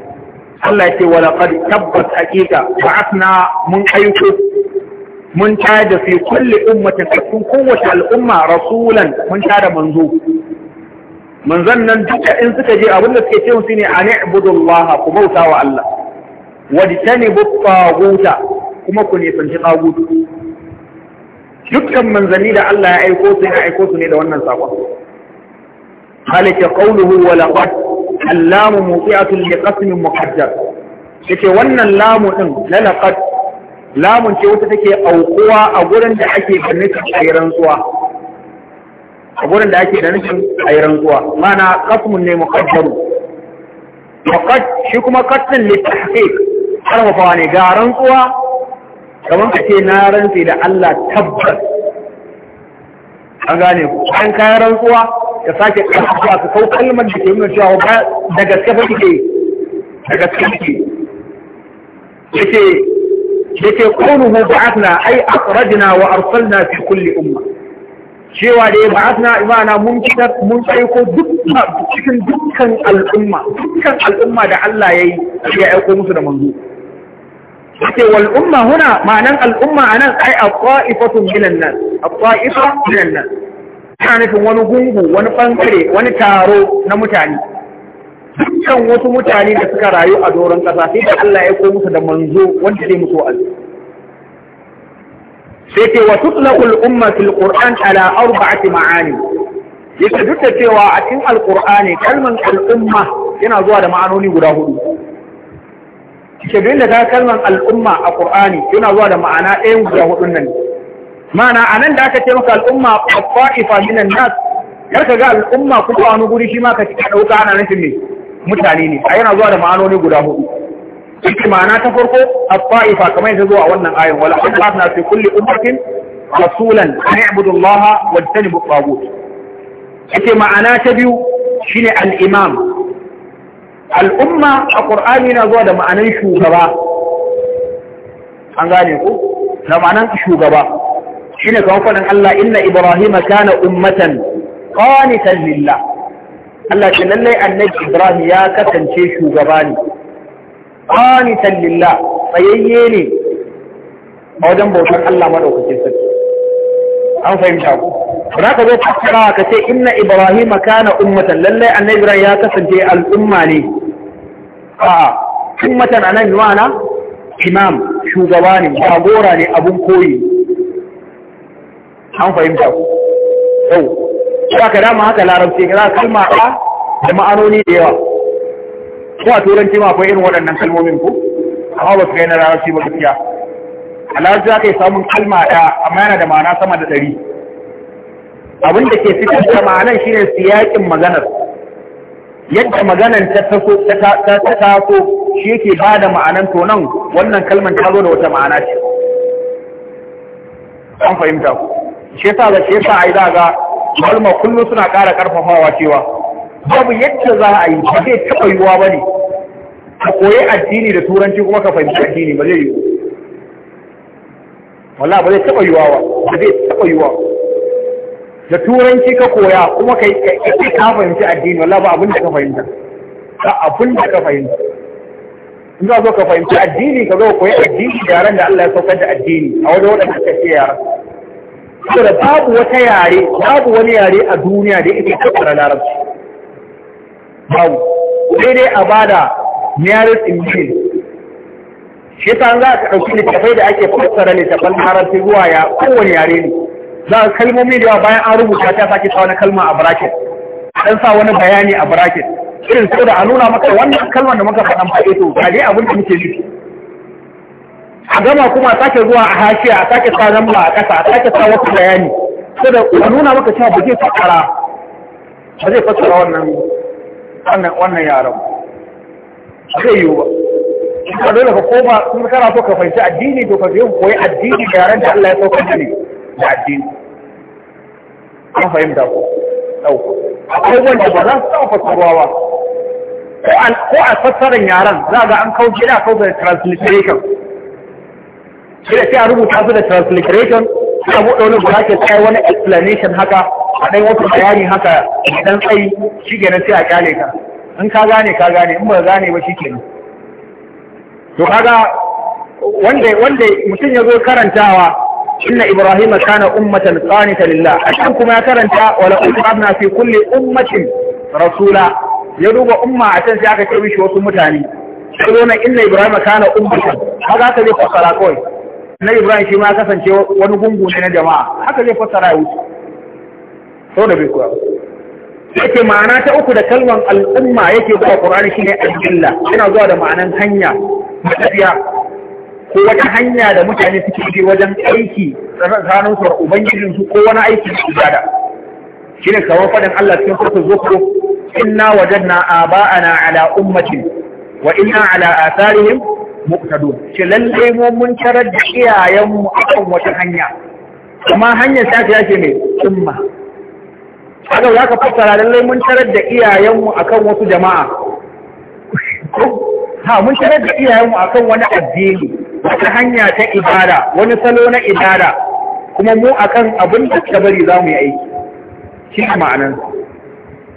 Allah ya ce wa laqad tabbas haqiqa ba'athna mun aiko mun tada fi kulli ummatin cikin kowace al'umma rasulan mun tada manzo manzon nan duka in suka je abinda suke ce musu ne an ibudullah ku bauta wa Allah wajtanibu taghuta kuma ku nisanci tagut dukkan manzanni da Allah ya aiko su ya aiko su ne da wannan sakon halaka qawluhu wa laqad allamu muqi'atul li qasmin muqaddar wannan lamu din na laqad lamun ce wata take aukuwa a gurin da ake da nufin ayi zuwa, a gurin da ake da nufin ayi zuwa, mana qasmun ne muqaddaru muqad shi kuma qatlan li tahqiq karfafa ne ga rantsuwa kamar ka ce na rantsi da Allah tabbas an gane ku an kayan rantsuwa ya sake ƙarfafa su kau kalmar da ke nuna cewa ba da gaske ba ke da gaske ke yake yake qawluhu ba'athna ay akhrajna wa arsalna fi kulli umma cewa da ya ba'athna imana mun fitar mun aiko dukkan cikin dukkan al'umma dukkan al'umma da Allah yayi ya aiko musu da manzo yake wal umma huna ma'anan al'umma anan ay at-ta'ifatun minan nas at-ta'ifa minan nas ta nufin wani gungu wani ɓangare wani taro na mutane dukkan wasu mutane da suka rayu a doron ƙasa sai da Allah ya ko musu da manzo wanda zai musu wa'azi sai ce wa tutlaqu al-umma fil qur'an ala arba'ati ma'ani yake duk da cewa a cikin alqur'ani kalman al'umma yana zuwa da ma'anoni guda hudu yake ta da kalman al'umma a qur'ani yana zuwa da ma'ana ɗayan guda hudun nan mana a nan da aka ce maka al'umma a fa'ifa minan nas kar ka ga al'umma kuka wani guri shi ma ka ɗauka ana nufin ne mutane ne a yana zuwa da ma'anoni guda hudu cikin ma'ana ta farko a fa'ifa kamar yadda zuwa wannan ayon wala an ba na fi kulli ummatin rasulan an ya'budu Allah wa tajtanibu tagut yake ma'ana ta biyu shine al-imam al'umma a Qur'ani na zuwa da ma'anan shugaba an gane ku da ma'anan shugaba shine kawo fadin Allah inna Ibrahim kana ummatan qanitan lillah Allah ce lallai annabi Ibrahim ya kasance shugaba ne qanitan lillah tsayayye ne a wajen bautar Allah madaukakin sarki an fahimta ku ba ka zo fassara ka ce inna Ibrahim kana ummatan lallai annabi Ibrahim ya kasance al'umma ne a'a ummatan anan ma'ana imam shugaba ne jagora ne abun koyi an fahimta ku yau za ka dama haka larabci ga kalma a da ma'anoni da yawa ko a turanci ma akwai irin waɗannan kalmomin ku amma ba su kai na larabci ba gaskiya a larabci za ka yi samun kalma ɗaya amma yana da ma'ana sama da ɗari abin da ke fitar da ma'anar shi ne siyaƙin maganar yadda maganar ta taso shi yake ba da ma'anar tonan wannan kalmar ta zo da wata ma'ana ce an fahimta ku shi yasa da shi yasa ai ga. malma kullum suna ƙara ƙarfafawa cewa babu yadda za a yi ba zai taɓa yiwuwa ba ne ka koyi addini da turanci kuma ka fahimci addini ba zai yiwu wala ba zai taɓa yiwuwa ba ba zai taɓa yiwuwa da turanci ka koya kuma ka yi ka fahimci addini wala ba abin da ka fahimta ba abin da ka fahimta in za zo ka fahimci addini ka zo koyi addini da yaran da Allah ya saukar da addini a wajen waɗanda ka ce yaran saboda babu wata yare babu wani yare a duniya da yake tattara larabci babu sai dai a bada nearest english shi ta za ka ɗauki littafai da ake fassara littafan larabci ruwa ya kowane yare ne za a kalmomi da yawa bayan an rubuta ta sake sa wani kalma a bracket dan sa wani bayani a bracket irin saboda a nuna maka wannan kalmar da muka faɗan ba eh to ga dai abin da muke nufi a gama kuma a sake zuwa a hashiya a sake sa namba a ƙasa a sake sa wasu bayani saboda a nuna maka cewa ba zai fassara ba zai fassara wannan wannan wannan yaron zai yiwu ba ka dole ka koma sun kana so ka fahimci addini to ka zai koyi addini da yaran da Allah ya sauka ne da addini an fahimta ko ɗauka abubuwan ba za su taɓa fassarwa ba ko a fassarar yaran za ga an kau gida kawo da transliteration sai sai a rubuta su da transliteration suka buɗe wani ke tsaye wani explanation haka a ɗan wata bayani haka idan tsayi shi kenan sai a kyale ka in ka gane ka gane in ba gane ba shi kenan to kaga wanda wanda mutum ya zo karantawa inna ibrahima kana ummatan qanita lillah akan kuma ya karanta wala ummatna fi kulli ummatin rasula ya duba umma a can sai aka ce mishi wasu mutane sai zo inna ibrahima kana ummatan kaga ka je fasara kawai na Ibrahim shi ma kasance wani gungu ne na jama'a haka zai fassara ya wuce sau da bai kuwa yake ma'ana ta uku da kalman al'umma yake zuwa Qur'ani shi ne jilla yana zuwa da ma'anan hanya matafiya ko wata hanya da mutane suke bi wajen aiki tsakanin su ubangijin su ko wani aiki da ibada shine kawai fadin Allah cikin sura Zukhruf inna wajadna aba'ana ala ummatin wa inna ala atharihim muktadu ce lalle mu mun tarar da iyayenmu akan wata hanya kuma hanyar ta ta ce mai umma haka za ka fassara lalle mun tarar da iyayenmu akan wasu jama'a ha mun tarar da iyayenmu akan wani addini wata hanya ta ibada wani salo na ibada kuma mu akan abin da ta bari za mu yi aiki shi a ma'anan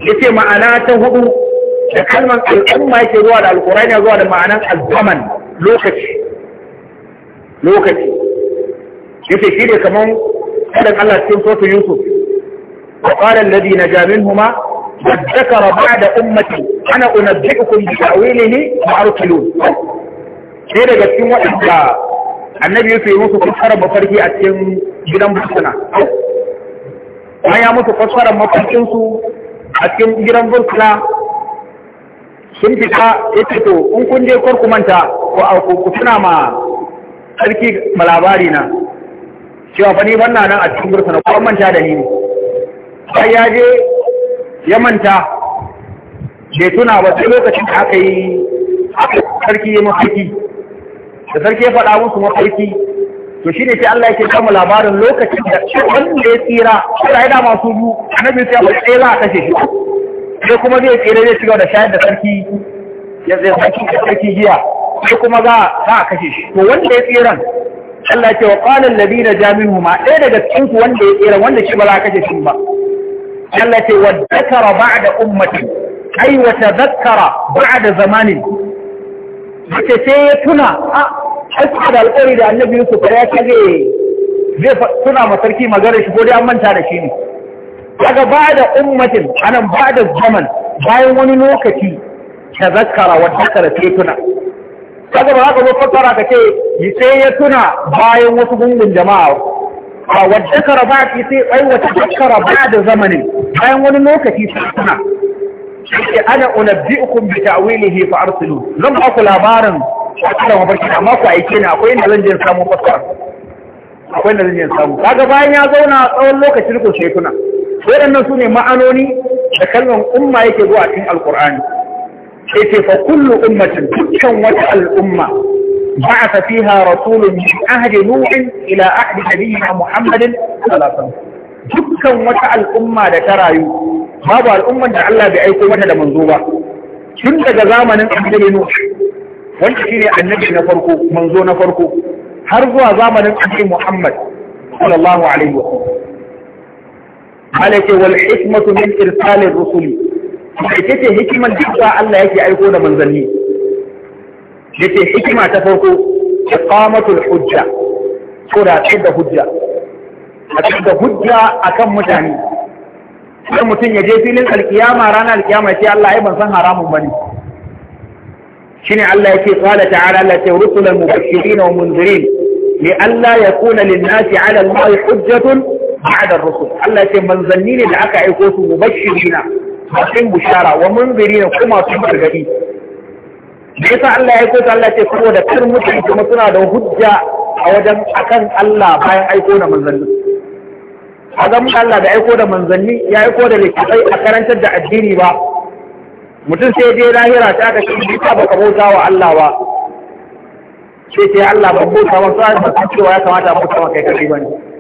yace ma'ana ta hudu da kalmar al'umma yake zuwa da alƙur'ani zuwa da ma'anan azzaman lokaci lokaci yace shi ne kaman kadan Allah cikin sotu Yusuf wa qala alladhi naja minhuma ذكر بعد أمتي أنا أنبئكم بتأويله وأرسلون sai daga cikin waɗanda annabi ya yi musu fassarar mafarki a cikin gidan bursuna an ya musu fassarar mafarkinsu a cikin gidan bursuna sun fita ita to in kun je kar ku manta ku ku tuna ma sarki malabari na cewa fa ni banna nan a cikin na ko manta da ni ne sai ya je ya manta bai tuna ba sai lokacin da aka yi sarki ya mafarki da sarki ya faɗa musu mafarki to shi ne sai Allah yake kama labarin lokacin da wanda ya tsira Allah ya dama su biyu annabi sai ya ba ɗaya za a kashe shi sai kuma zai tsere zai shiga da shayar da sarki ya zai sarki da sarki giya sai kuma za a kashe shi to wanda ya tseren Allah ce wa qala alladhina jami'u ma ɗaya daga cikin ku wanda ya tseren wanda shi ba za a kashe shi ba Allah ce wa dhakara da ummati ai wa tadhakkara da zamani. Wace sai ya tuna a ai da alƙawari da annabi Yusuf ya kage zai tuna ma sarki magana shi ko dai an manta da shi ne daga ba da ummatin anan ba da zaman bayan wani lokaci ta zakara wata zakara sai tuna kaga ba haka zo fassara ka ce sai ya tuna bayan wasu gungun jama'a a wata zakara ba ki sai ai wata zakara ba da zamanin bayan wani lokaci ta tuna sai ana unabbi'ukum bi ta'wilihi fa arsilu zan ba ku labarin shakira barki amma ku aike ni akwai inda zan je samu fassara akwai inda zan je samu kaga bayan ya zauna tsawon lokaci ko sai tuna waɗannan su ne ma'anoni da kalmar umma yake zuwa cikin alkur'ani sai ce fa kullu ummatin dukkan wata al'umma ba'a ba'atha fiha rasulun min ahdi nuhin ila ahdi nabiyina muhammadin sallallahu dukkan wata al'umma da ta rayu babu al'umman da Allah bai aiko mata da manzo ba tun daga zamanin annabi nuh wanda shine annabi na farko manzo na farko har zuwa zamanin annabi muhammad sallallahu alaihi sallam. malaka wal hikmatu min irsalir rusuli ita ce duk da Allah yake aiko da manzanni yace hikima ta farko iqamatul hujja ko da da hujja a da hujja akan mutane sai mutum ya je filin alkiyama ranar alkiyama ya ce Allah ai ban san haramun bane shine Allah yake qala ta'ala la rusulan mubashirin wa munzirin li alla yakuna lin-nasi 'ala Allah hujjatun ba'da rusul Allah ya ce manzanni ne da aka aiko su mubashirina cikin bushara wa munzirina kuma su gargadi da yasa Allah ya aiko su Allah ya ce saboda kar mutum kuma suna da hujja a wajen akan Allah bayan aiko da manzanni azam Allah da aiko da manzanni ya aiko da littafai a karantar da addini ba mutum sai dai lahira ta ka shi ba ka bauta wa Allah ba sai sai Allah ba bauta wa sai ba cewa ya kamata a bauta wa kai kai bane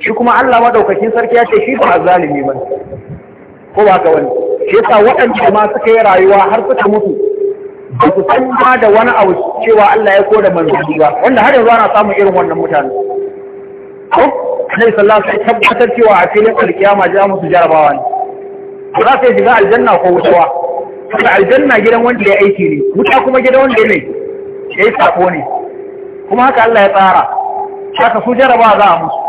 shi kuma Allah madaukakin sarki ya ce shi ba zalimi ba ko ba ka wani shi yasa waɗanda ma suka yi rayuwa har suka mutu ba su san ma da wani abu cewa Allah ya koda manzanni ba wanda har yanzu ana samun irin wannan mutane ko Annabi sallallahu alaihi wasallam tabbatar cewa a filin alkiyama ja musu jarabawa ne za su shiga aljanna ko wutuwa saboda aljanna gidan wanda ya aiki ne wuta kuma gidan wanda ya ne ya yi sako ne kuma haka Allah ya tsara haka su jarabawa za a musu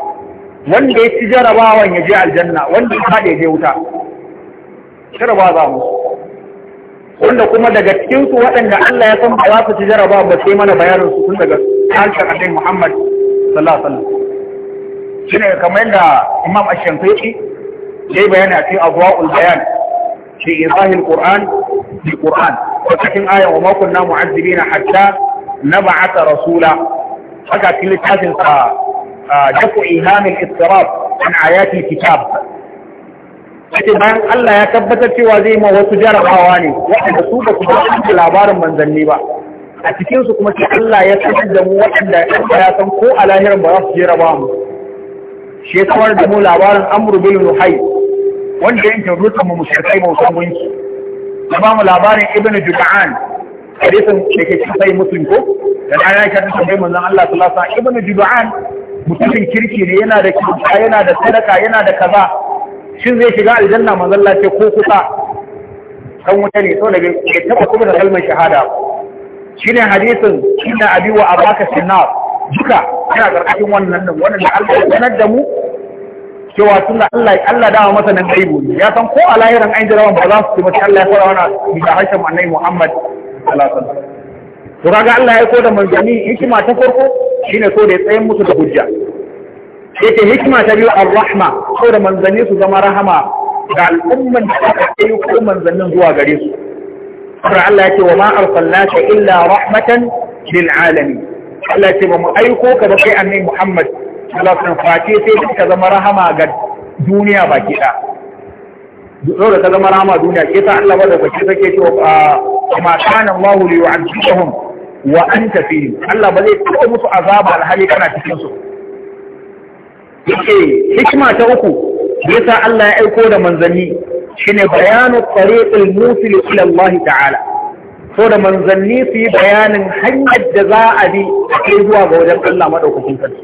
wanda ya ci jarabawan ya je aljanna wanda ya ya je wuta jaraba za mu wanda kuma daga cikin su waɗanda Allah ya san ba za su ci jaraba ba sai mana bayanin su tun daga harshen Annabi Muhammad sallallahu alaihi wasallam shine kamar yadda Imam Ash-Shafi'i yayi bayani a cikin Adwaul Bayan fi izahil Qur'an bi Qur'an ko cikin aya wa ma kunna mu'azzibina hatta nab'atha rasula haka cikin littafin sa dafu ihamin istirab an ayati kitab kace bayan Allah ya tabbatar cewa zai ma wasu jarabawa ne waɗanda su ba su ba labarin manzanni ba a cikinsu kuma sai Allah ya sanar da mu waɗanda ya san ko a lahirin ba za su jarabawa mu shi da mu labarin amru bil nuhai wanda yin tarutan mu mushrikai bautan labarin ibnu jud'an hadisin da ke cikin sai muslim ko da ta Allah mutumin kirki ne yana da kyauta yana da sadaka yana da kaza shin zai shiga aljanna manzon ce ko kusa kan wuta ne to daga ya taba kuma da kalmar shahada shine hadisin inna abi wa abaka sinar duka yana karkashin wannan din wannan da Allah ya sanar da mu cewa tun da Allah Allah dawa masa nan gaibu ya san ko a lahiran an jirawan ba za su ci Allah ya fara wana bisa harshen annabi Muhammad sallallahu alaihi wasallam to kaga Allah ya koda manzanni ma ta farko Shi ne so da ya tsayin musu da hujja yake hikima ta biyu ar-rahma so da manzanni su zama rahama ga al'umman da aka kai ko manzannin zuwa gare su saboda Allah yake wa ma'ar arsalnaka illa rahmatan lil alami. Allah yake ba mu aiko ka da kai annabi Muhammad sallallahu alaihi wasallam sai ka zama rahama ga duniya baki ɗaya da ka zama rama duniya ke ta Allah ba wadda kake sake cewa ma kana Allah li yu'adzibahum wa an tafi Allah ba zai taɓa musu azaba alhali kana cikin su yake hikima ta uku yasa Allah ya aiko da manzanni shine bayanu tariqil musil ila Allah ta'ala so da manzanni su yi bayanin hanyar da za a bi a kai zuwa ga wajen Allah madaukakin sarki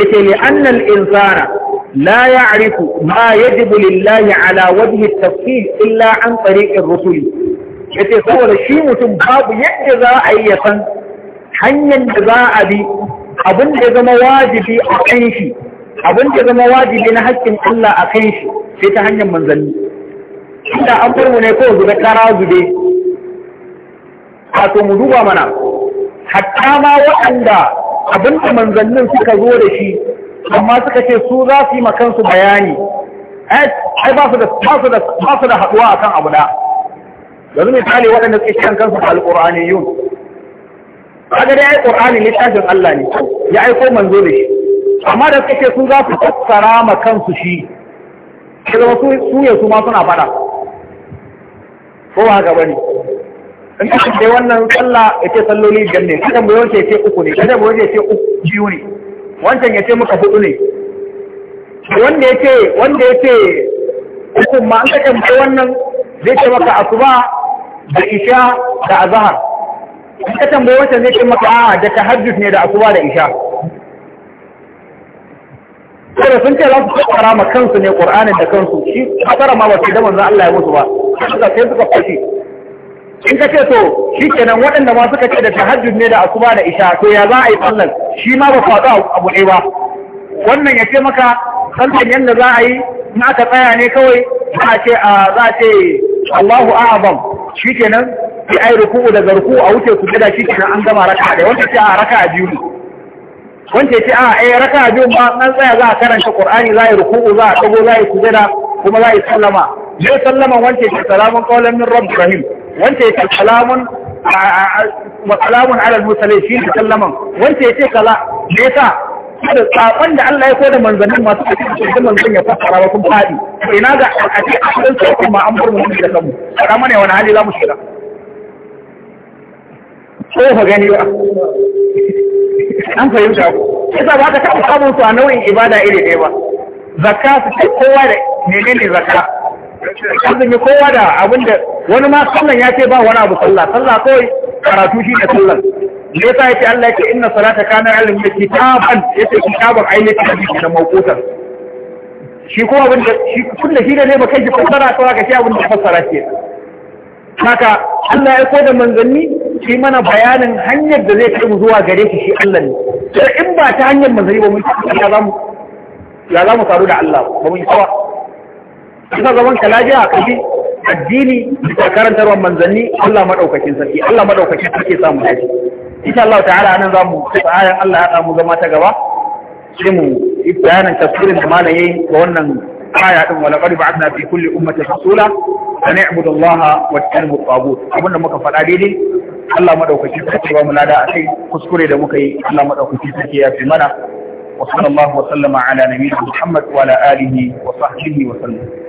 yake li annal insana la ya'rifu ma yajibu lillahi ala wajhi at-tafsil illa an tariqir rusuli ya ce saboda shi mutum babu yadda za a yi ya san hanyar da za a bi abin da zama wajibi a kan shi abin da zama wajibi na haƙƙin Allah a kan shi sai ta hanyar manzanni inda an farmu ne kawai zube kara zube wato mu duba mana hatta ma waɗanda abin da manzannin suka zo da shi amma suka ce su za su yi makansu bayani eh, ai ba su da haɗuwa a kan abu da yanzu misali waɗanda suke shan kansu al'urani yun kaga dai ƙur'ani littafin Allah ne ya aiko manzo da shi amma da suka ce su za su tattara ma kansu shi shi zama su ya su ma suna faɗa Kowa ba haka bane in ka ce wannan sallah ya ce salloli biyar ne kada mu ya ce uku ne kada mu ya ce uku biyu ne wancan ya ce muka hudu ne wanda ya ce wanda ya ce ma an ka tambaye wannan zai ce maka asuba da isha da azhar in ka tambaye wata zai ce maka a da tahajjud ne da asuba da isha kada sun ce za su fassara ma kansu ne qur'anin da kansu shi fara ma ba su da manzon Allah ya mutu ba suka sai suka fashi in ka ce to shi kenan waɗanda ma suka ce da tahajjud ne da asuba da isha to ya za a yi sallan shi ma ba faɗa abu ɗaya ba wannan ya ce maka sallan yadda za a yi in aka tsaya ne kawai za a ce a za a ce Allahu a'azam shikenan sai ai ruku'u daga ruku'u a wuce sujada shikenan an gama raka'a da wanda ce a raka'a biyu ne wanda ce a eh raka'a biyu ba an tsaya za a karanta Qur'ani za a yi ruku'u za a dago za a yi sujada kuma za a yi sallama ne sallama wanda ce salamun qawlan min rabb rahim wanda ce salamun wa salamun ala al-mursalin shi sallaman wanda ce kala me yasa da sakon da Allah ya ko da manzannin masu cikin da manzon ya fassara ba kun fadi ina ga a a cikin sakon ma an bar mu da kanmu fara mana wani hali za mu shiga ko fa gani ba an fahimta ku sai ba ka taɓa samun su a nau'in ibada iri ɗaya ba zakka su ce kowa da menene zakka azumi kowa da abinda wani ma sallan ya ce ba wani abu sallah sallah kawai karatu shi da sallan me yasa yake Allah yake inna salata kana alal kitaban yace kitaban ainihin da mawqutan shi ko abin da shi kun da shi ne ba kai ki fassara to haka shi abin da fassara ke haka Allah ya koda manzanni shi mana bayanin hanyar da zai kai mu zuwa gare shi shi Allah ne sai in ba ta hanyar manzanni ba mun ya za mu ya za mu faru da Allah ba mun tsawa Kisa zaman kalaje a kashi addini da karantarwar manzanni Allah madaukakin sarki Allah madaukakin sarki samun dace insha Allah ta'ala anan zamu ayar Allah ya samu zama ta gaba sai mu bayanin tafsirin da malam yayi ga wannan aya din wala qad ba'athna fi kulli ummatin rasula an i'budu Allah wa tajtanibu at-taghut abin da muka faɗa daidai Allah madaukaki sarki ba mu lada akai kuskure da muka yi Allah madaukaki sarki ya fi mana wa sallallahu wa sallama ala nabiyina Muhammad wa ala alihi wa sahbihi wa sallam